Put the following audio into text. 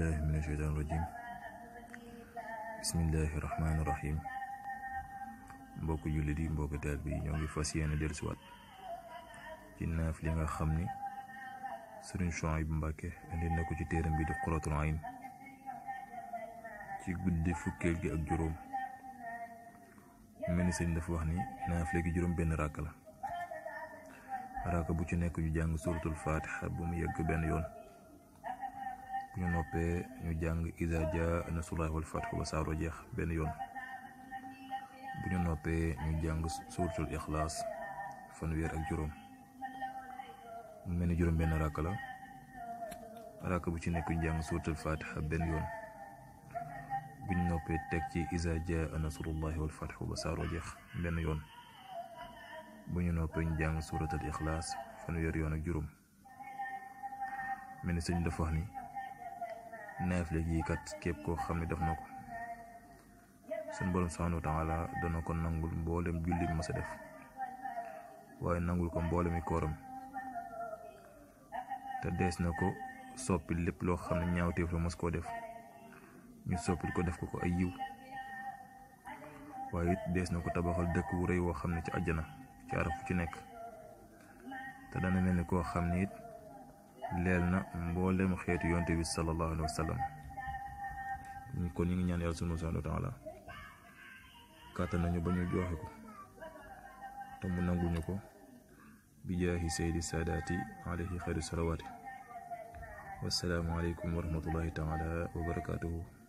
بالله من الشيطان الرجيم بسم الله الرحمن الرحيم بوكو جولدي بوكو تالبي نيوغي فاسيان دير سوات تي ناف ليغا خامني سيرن شعيب مباكي اندي نكو تي تيرم بي دي قرة العين تي غود فوكيل جي اك جوروم ميني سيرن داف واخني ناف ليغي جوروم بن راكلا راكا بو تي نيكو جو جانغ سورة الفاتحة بوم يك بن يون ñu noppee ñu jàng iza jaa nasrullahi wal fathu ba saaro jeex benn yoon bu ñu noppee ñu jàng suuratul ixlaas fanweer ak juróom mu mel ni juróom benn rakk la rakk bu ci nekk ñu jàng suuratul fatiha benn yoon bu ñu noppee teg ci iza jaa nasrullahi wal fathu ba saaro jeex benn yoon bu ñu noppee ñu jàng suuratul ixlaas fanweer yoon ak juróom mel ni sëñ dafa wax ni naafile yi kat képp koo xam ne daf na ko seen borom subhaanahu wa taala dana ko nangul mboolem julli bi mas a def waaye nangul ko mboolemi kooram te dees na ko soppi lépp loo xam ne ñaawteef la mas koo def ñu soppil ko def ko ko ay yiw waaye it dees na ko tabaxal dëkk wu rëy woo xam ne ci àjjana ci araf ci nekk te dana mel koo xam ne leer na mboolem xeetu yonte bi sallallahu alayhi wa kon ñu ngi ñaan yàlla sunu subhanahu wa taala kàttan nañu ba ñu joxe ko te mu nanguñu ko bi jaahi saydi saadaati alayhi xayru salawaati wassalaamu aleykum wa rahmatullahi taala wa